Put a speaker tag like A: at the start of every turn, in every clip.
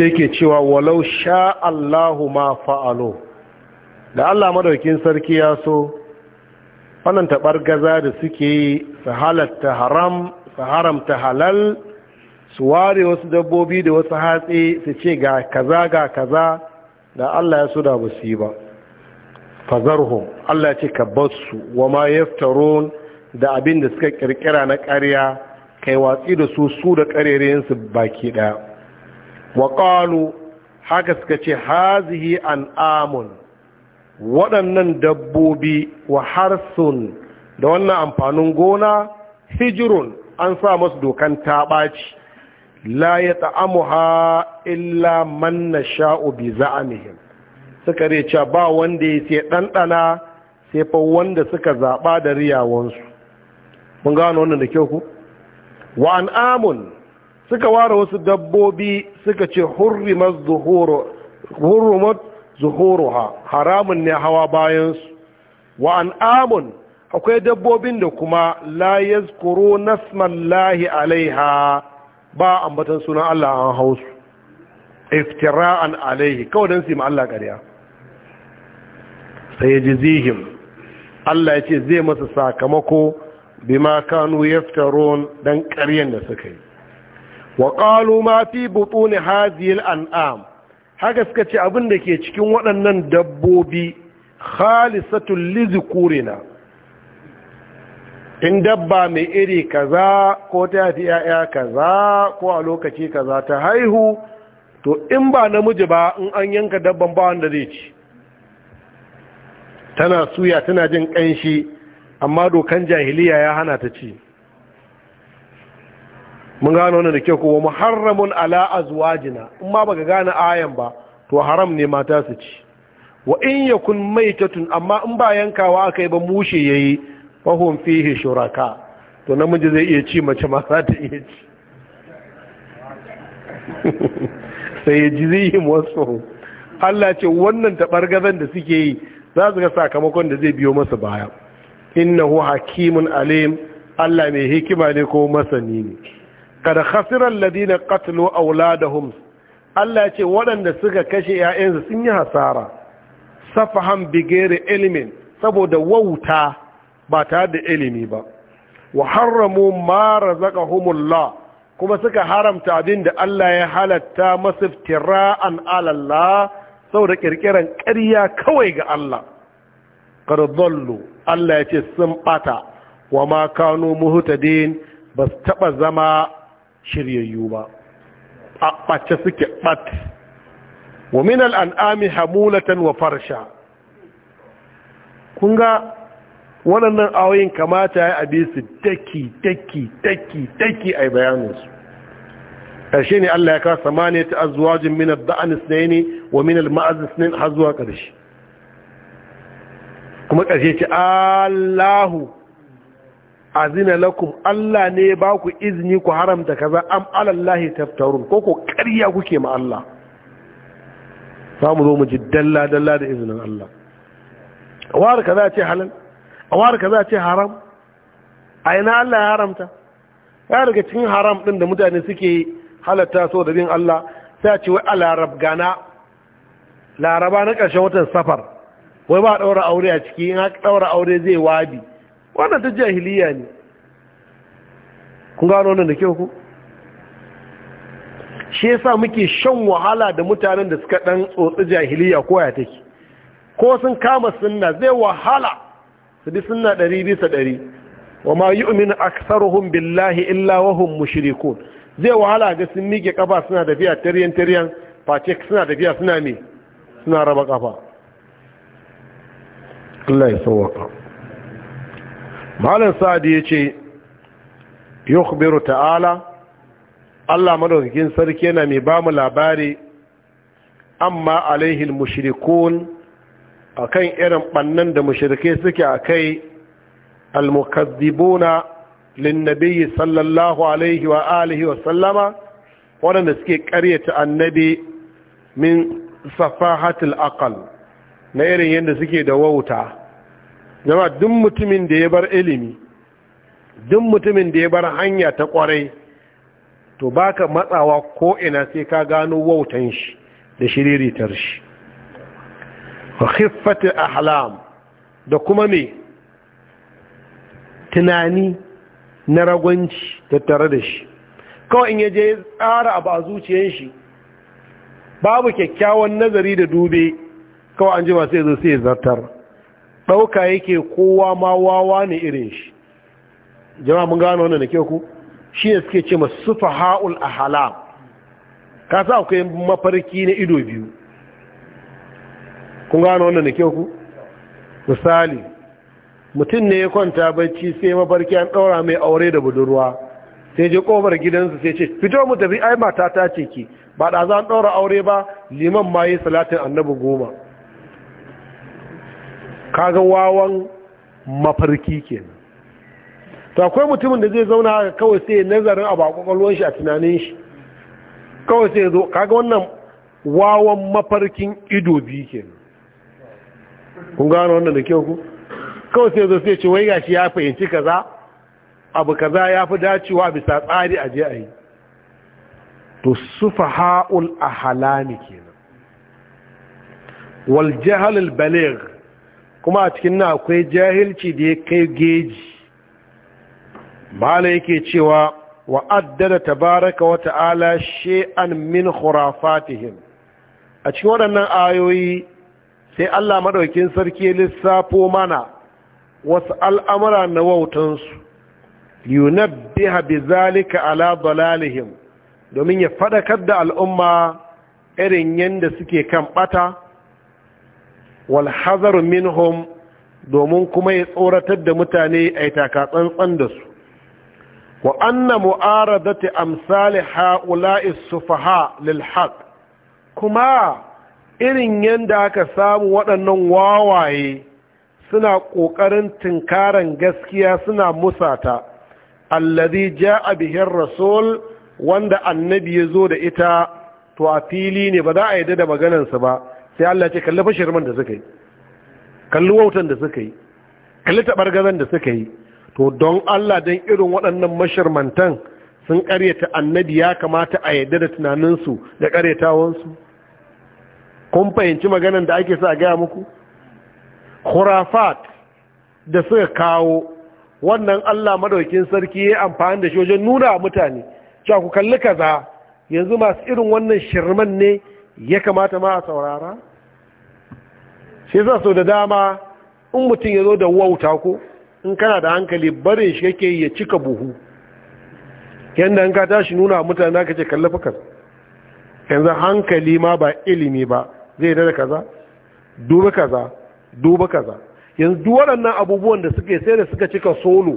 A: sai ke cewa walau sha Allahu ma fa'alo da Allah madaukin sarki ya so wannan taɓar gaza da suke yi su halatta haram su haramta halal su ware wasu dabbobi da wasu hatsi su ce ga kaza ga kaza da Allah ya so da ba su yi ba fazarhum Allah ce ka basu wa ma yaftarun da abin da suka kirkira na ƙarya kai watsi da su su da ƙarerensu baki ɗaya Waƙalu haka suka ce hazihi an'amun waɗannan dabbobi wa harsun da wannan amfanin gona hijirun an sa masu dokan taɓaci la ya ha illa man na sha'u bi za'amihim suka reca ba wanda ya ce ɗanɗana sai fa wanda suka zaɓa da riyawansu mun gano wannan da kyau ku wa an'amun suka ware wasu dabbobi suka ce hurrimat zuhuruha haramun ne hawa bayansu wa an'amun akwai dabbobin da kuma la Nasman lahi alaiha ba ambatan sunan Allah an hausu iftira'an alaihi kawai don su yi ma'alla ƙarya sai ji zihim Allah ya ce zai masa sakamako ma kanu yaftarun dan ƙaryan da suka yi wa ma fi ne haziyar al'am haka suka ce abin da ke cikin waɗannan dabbobi lizi na in dabba mai iri kaza ko ta fi yaya kaza ko a lokaci kaza ta haihu to in ba namiji ba in an yanka dabban ba wanda zai ci tana suya tana jin ƙanshi amma dokan jahiliya ya hana ta ci mun gano wannan da kyau ko muharramun ala azwajina in ma baka gane ayan ba to haram ne mata su ci wa in yakun maitatun amma in ba yankawa akai ba mushe yayi fa hum fihi shuraka to namiji zai iya ci mace ma za ta iya ci sai ya yi wasu Allah ce wannan tabargazan da suke yi za su ga sakamakon da zai biyo masa baya innahu hakimun alim Allah mai hikima ne ko masani ne kada khasirar ladina qatlu hums, Allah ce waɗanda suka kashe ‘ya'yansu sun yi hasara safahan bigere ilimin saboda wauta ba tare da ilimi ba wa haramu mara zaka humullah kuma suka haramta abin da Allah ya halatta masu tira'an alallah saboda kirkiran ƙarya kawai ga Allah ƙarzallu Allah ya ce sun ɓata wa ma kanu muhtadin ba su taɓa zama shiryayyu ba a ɓace suke ɓat wa min al'ami hamulatan wa farsha kun ga waɗannan awoyin kamata ya abi su daki daki daki daki a bayaninsu ƙarshe ne Allah ya kasa samaniya ta azuwajin min al-da'an ne wa min al-ma'az isnain har zuwa ƙarshe kuma ƙarshe ce Allahu azina lakum Allah ne ba ku izini ku haramta kaza am alallahi taftarun ko ko ƙarya kuke ma Allah za mu zo mu ji dalla dalla da izinin Allah a ware kaza ce halal a ware kaza ce haram a ina Allah ya haramta ya daga cikin haram din da mutane suke halatta so da bin Allah sai ce wai a gana laraba na ƙarshen watan safar wai ba a ɗaura aure a ciki in ha ɗaura aure zai wabi wannan ta jahiliya ne kun gano wannan da kyau ku shi yasa muke shan wahala da mutanen da suka dan tsotsi jahiliya ko ya take ko sun kama sunna zai wahala su bi sunna ɗari bisa ɗari wa ma yu'minu aktharuhum billahi illa wa hum mushrikun zai wahala ga sun mike kafa suna tafiya taryan taryan face suna tafiya suna me suna raba kafa Allah ya sauwaka malam sa'adi ya ce yukhbiru ta'ala Allah madaukakin sarki yana mai ba mu labari amma alaihil mushrikun akan irin ɓannan da mushrike suke akai almukazzibuna linnabiyyi sallallahu alaihi wa alihi wa sallama waɗanda suke ƙaryata annabi min safahatul aqal na irin yadda suke da wauta jama duk mutumin da ya bar ilimi duk mutumin da ya bar hanya ta kwarai to baka matsawa ko ina sai ka gano wautan shi da shiriritar shi wa khiffati ahlam da kuma me tunani na ragwanci tattare da shi kawai in yaje tsara abu a zuciyar shi babu kyakkyawan nazari da dube kawai an ji ba sai zo sai zartar ɗauka yake kowa ma wawa ne irin shi jama'a mun gano wannan da ke ku shi ne suke ce masu faha'ul a hala. ka sa akwai mafarki na ido biyu kun gano wannan da ke ku misali mutum ne ya kwanta bacci sai mafarki an ɗaura mai aure da budurwa sai je ƙofar gidansu sai ce fito mu tafi ai mata ta ce ki ba da za an ɗaura aure ba liman ma yi salatin annabi goma kaga wawan mafarki kenan to akwai mutumin da zai zauna haka kawai sai nazarin abu a kwakwalwar shi a tunanin shi kawai sai zo kaga wannan wawan mafarkin ido biyu kenan kun gano wannan da kyau ku kawai sai zo sai ce wai gashi ya fahimci kaza abu kaza ya fi dacewa bisa tsari a je a yi to a halani kenan wal jahalul baligh kuma a cikin na akwai jahilci da ya kai geji mala yake cewa wa addada tabaraka wa ta'ala shay'an min khurafatihim a cikin waɗannan ayoyi sai Allah maɗaukin sarki ya lissafo mana wasu al'amura na wautansu yunabbiha bizalika ala dalalihim domin ya faɗakar da al'umma irin yadda suke kan ɓata. wal hazar domin kuma ya tsoratar da mutane a yi tsantsan da su wa anna mu'aradati amsali ha'ula'is sufaha lil kuma irin yadda aka samu waɗannan wawaye suna ƙoƙarin tinkaran gaskiya suna musata allazi ja'a bihin rasul wanda annabi ya zo da ita to a fili ne ba za a yi da maganansu ba sai Allah ce kalli fashirman da suka yi kalli wautan da suka yi kalli taɓargazan da suka yi to don Allah don irin waɗannan mashirmantan sun ƙaryata annabi ya kamata a yadda da tunaninsu da ƙaryatawansu kun fahimci maganan da ake sa a gaya muku khurafat da suka kawo wannan Allah madaukin sarki ya amfani da shi wajen nuna mutane cewa ku kalli kaza yanzu masu irin wannan shirman ne ya kamata ma a saurara shi yasa so da dama in mutum ya zo da wauta ko in kana da hankali barin shi yake ya cika buhu yadda in ka tashi nuna mutane aka ce kalli fakar yanzu hankali ma ba ilimi ba zai da kaza duba kaza duba kaza yanzu duk waɗannan abubuwan da suke sai da suka cika solo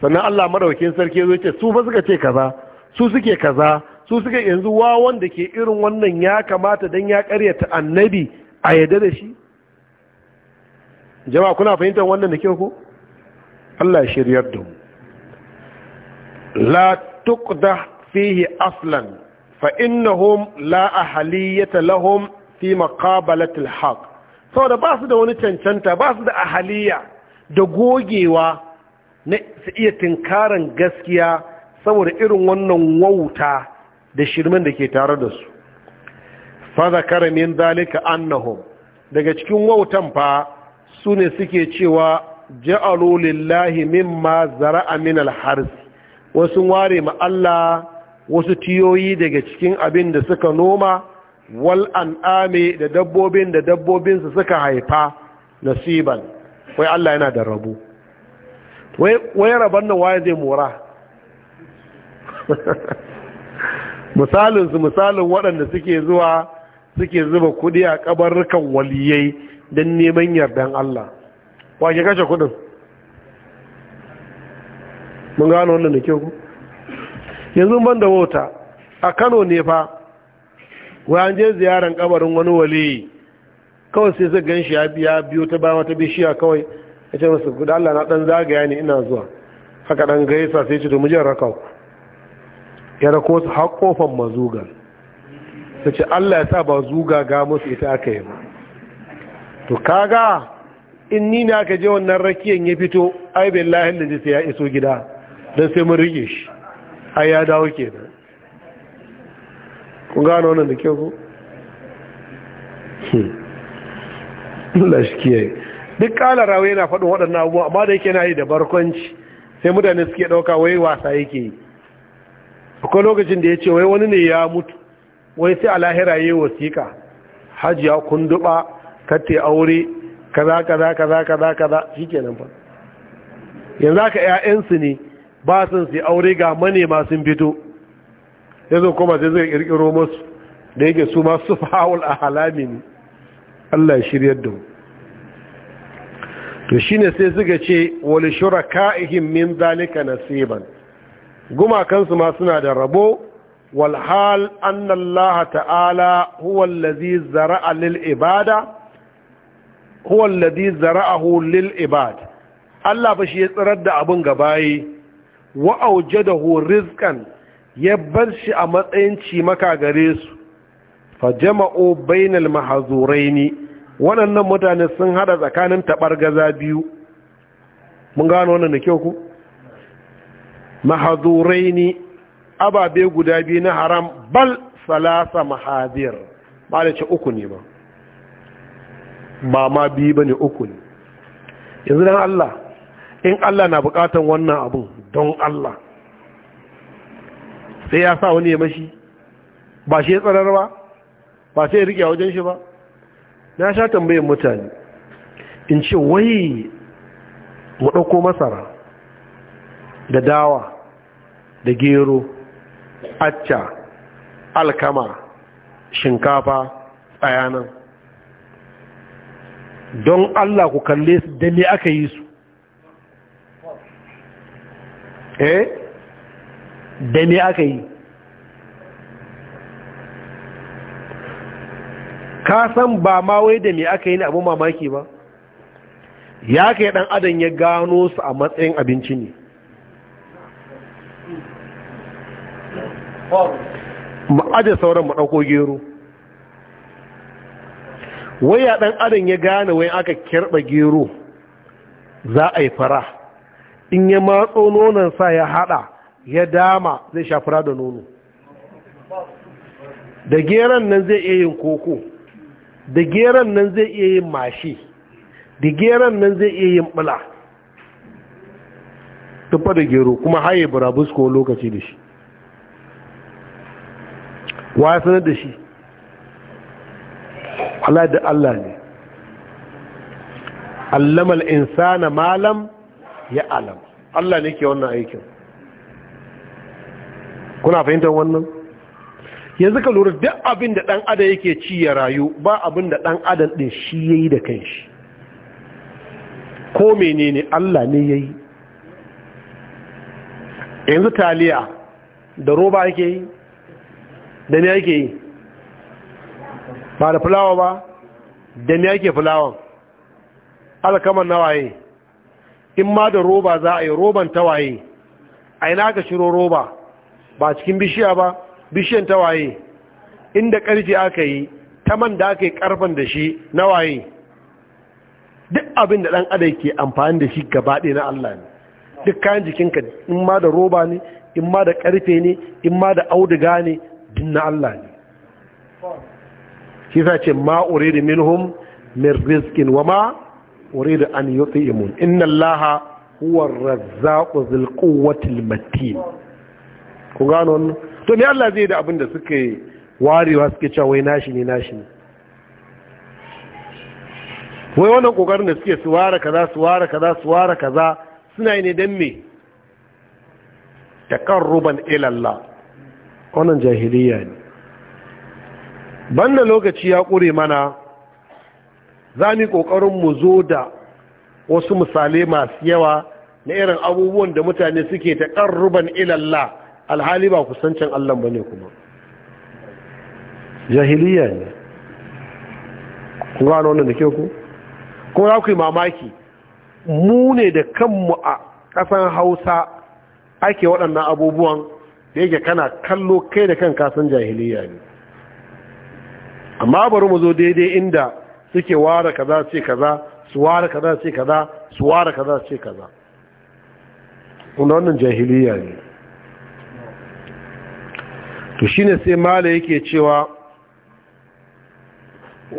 A: sannan Allah madaukakin sarki ya zo ce su ba suka ce kaza su suke kaza su suke yanzu wawan da ke irin wannan ya kamata dan ya karyata annabi a yadda da shi jama'a kuna fahimtar wannan da kyau ko Allah ya shiryar da mu la tuqda fihi aslan fa innahum la ahaliyata lahum fi maqabalati alhaq saboda ba su da wani cancanta ba su da ahaliya da gogewa na su iya tinkaran gaskiya saboda irin wannan wauta da shirmin da ke tare da su fa zakara min zalika annahum daga cikin wautan fa su ne suke cewa ja'alu lillahi mimma zara'a min al-hars wasu ware ma Allah wasu tiyoyi daga cikin abin da suka noma wal an'ami da dabbobin da dabbobin su suka haifa nasiban wai Allah yana da rabu wai rabon nan waye zai mora misalin su misalin waɗanda suke zuwa suke zuba kudi a kabarrukan waliyai don neman yardan Allah wa ke kashe kudin mun gano wannan da kyau yanzu ban da wauta a Kano ne fa an je ziyaran kabarin wani waliyi kawai sai su gan shi ya biya biyo ta bayan wata bishiya kawai ya ce masu guda Allah na dan zagaya ne ina zuwa haka dan gaisa sai ce to mu je raka ya rako su har kofan ta ce Allah ya sa ba zuga ga musu ita aka yi ba to kaga in ni na aka je wannan rakiyan ya fito aibin lahin da sai ya iso gida don sai mun rike shi ai ya dawo ke nan. kun gano wannan da kyau ko hmm. Allah shi kiyaye duk kala rawe yana faɗin waɗannan abubuwa amma da yake na yi da barkwanci sai mutane suke ɗauka wai wasa yake yi akwai lokacin da ya ce wai wani ne ya mutu wai sai a lahira yi wasiƙa hajiya kunduba katte aure kaza kaza kaza kaza kaza nan ba yanzu aka ƴaƴansu ne ba sun sai aure ga manema sun fito zo kuma sai zai ƙirƙiro musu da yake su ma a halami ne Allah ya shiryar da mu to shine sai suka ce shura ka’ihin min zalika nasiban gumakansu ma suna da rabo Walhal أن الله تعالى هو الذي زرع للعبادة Allah ba shi ya tsirar da abin gabaye wa auje da rizqan ya bar shi a matsayin cimaka gare su fa jama'u bainal mahzuraini waɗannan mutane sun haɗa tsakanin gaza biyu mun gano wannan da kyau ku mahzuraini ababe guda biyu na haram bal salasa mahadir ba da ce uku ne ba ba ma biyu ba ne uku ne yanzu don Allah in Allah na bukatan wannan abun don Allah sai ya sa wani ya mashi ba shi ya tsarar ba ba sai ya rike wajen shi ba na sha tambayin mutane in ce wai mu ɗauko masara da dawa da gero acca alkama shinkafa tsayanan don Allah ku kalle su da me aka yi su eh da me aka yi ka san ba ma wai da me aka yi ne abu mamaki ba ya kai dan adam ya gano su a matsayin abinci ne mu aje sauran mu ɗauko gero waya ɗan adam ya gane wai aka kirɓa gero za a yi fara in ya matso nonon sa ya haɗa ya dama zai sha fara da nono da geron nan zai iya yin koko da geron nan zai iya yin mashi da geron nan zai iya yin ɓula, tuffa da gero kuma haye burabusko lokaci da shi wa ya sanar da shi Allah da Allah ne allamal insana malam ya alam Allah ne ke wannan aikin kuna fahimtar wannan yanzu ka lura duk abin da dan adam yake ci ya rayu ba abin da dan adam din shi yayi da kanshi ko menene Allah ne yayi. yanzu taliya da roba yake yi da me ake yi ba da fulawa ba da me ake fulawan alkaman nawaye in ma da roba za a yi roban tawaye a ina aka shiro roba ba cikin bishiya ba bishiyan tawaye inda ƙarfi aka yi ta man da aka yi ƙarfan da shi nawaye duk abin da ɗan adai ke amfani da shi gabaɗe na Allah ne duk kayan jikinka in ma da roba ne in ma da ƙarfe ne in ma da auduga ne din na Allah ne shi ce ma uridu minhum min rizqin wa ma uridu an yut'imun inna allaha huwa ar ku dhul quwwati al-matin ku gano to me Allah zai da abin da suke warewa suke cewa wai nashi ne nashi ne wai wannan kokarin da suke suwara kaza suwara kaza suwara kaza suna yi ne don me takarruban ila Allah wannan jahiliya ne banda lokaci ya ƙure mana za mu ƙoƙarin mu zo da wasu misali masu yawa na irin abubuwan da mutane suke ta ƙarruban ilalla alhali ba kusancin allon ba ne kuma jahiliya ne ku gano wannan da ke ku kuma za ku yi mamaki mu ne da kanmu a ƙasan hausa ake waɗannan abubuwan da yake kana kallo kai da kan kasan jahiliya ne amma bari mu zo daidai inda suke ware kaza ce kaza su ware kaza ce kaza su ware kaza ce kaza wanda wannan jahiliya ne to shine sai mala yake cewa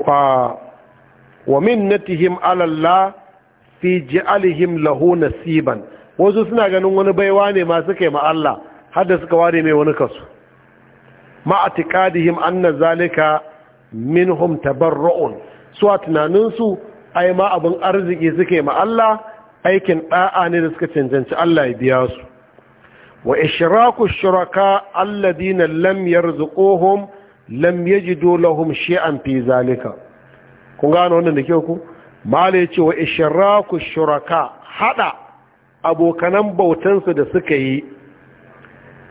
A: wa wa minnatihim ala Allah fi ji'alihim lahu nasiban wasu suna ganin wani baiwa ne ma suka yi ma Allah har da suka ware mai wani kasu ma atiqadihim anna zalika minhum tabarra'un su a tunaninsu ai ma abin arziki suke ma Allah aikin ɗa'a ne da suka cancanci Allah ya biya su wa ishraku shuraka alladina lam yarzuquhum lam yajidu lahum shay'an fi zalika kun gano wannan da kyau ku mala yace wa ishiraku shuraka hada abokanan bautansu da suka yi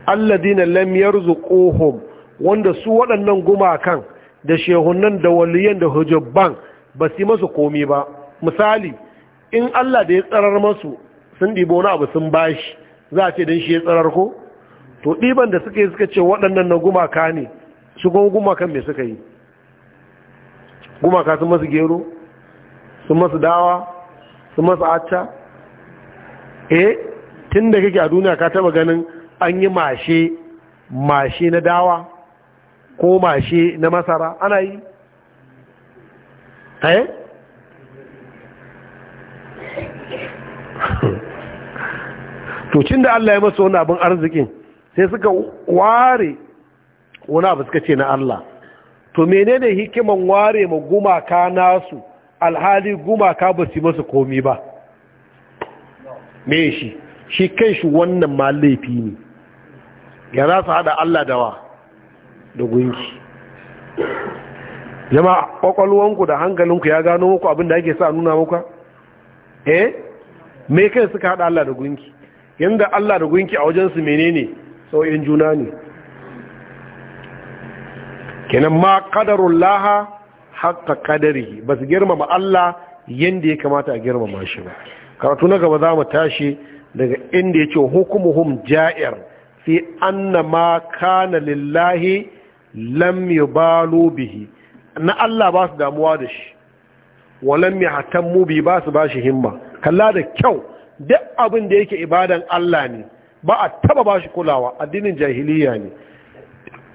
A: alladina lam yarzuquhum wanda su waɗannan gumakan da shehunan da waliyan da hujubban ba su masu komi ba misali in Allah da ya tsarar masu sun ɗibo wani abu sun bashi za a ce don shi ya tsarar ko to ɗiban da suka yi suka ce waɗannan na gumaka ne su kuma gumakan me suka yi gumaka sun masu gero sun masu dawa sun masu acca eh tun da kake a duniya ka taba ganin an yi mashe mashe na dawa ko mashe na masara ana yi eh? to cin da Allah ya masu wani abin arzikin sai suka ware wani abu suka ce na Allah to menene hikiman ware ma gumaka nasu alhali gumaka ba su masu komi ba me shi shi kai shi wannan ma ne ya za su haɗa Allah da wa da gunki jama'a ƙwaƙwalwanku da hankalinku ya gano muku abin da ake sa nuna muka eh me kai suka haɗa Allah da gunki yadda Allah da gunki a wajensu menene sau'in juna ne kenan ma ƙadarun laha haka ƙadari ba su girmama Allah yadda ya kamata a girmama shi ba karatu na gaba za mu tashi daga inda ya ce hukumuhum ja'ir fi anna ma kana lillahi lam yubalu bihi na Allah ba su damuwa da shi wa lam yahtammu bi ba su ba himma kalla da kyau duk abin da yake ibadan Allah ne ba a taba ba kulawa addinin jahiliya ne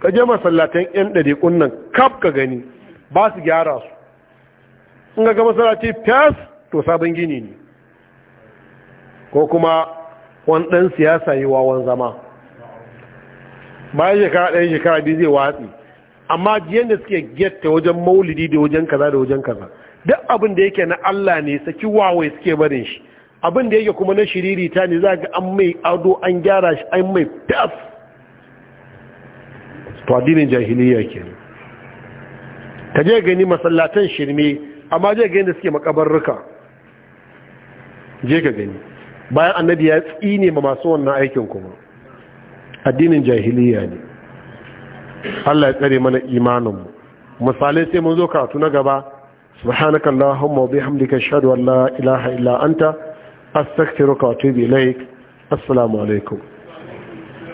A: ka je masallatan yan ɗariƙun kunnan kaf ka gani ba su gyara su in ga masallaci fas to sabon gini ne ko kuma wani ɗan siyasa yi wawan zama bayan shekara ɗaya shekara biyu zai watsi amma jiyan da suke getta wajen maulidi da wajen kaza da wajen kaza duk abin da yake na Allah ne saki wawai suke barin shi abin da yake kuma na shiririta ne za ga an mai ado an gyara shi an mai taf to addinin jahiliya ke. ka je gani masallatan shirme amma je gani da suke makabarruka je ka gani bayan annabi ya tsine ma masu wannan aikin kuma addinin jahiliya ne Allah ya tsare mana imaninmu misalai sai mun zo katu na gaba subhanaka allahumma wa bihamdika ashhadu an la ilaha illa anta astaghfiruka wa atubu ilaik assalamu alaikum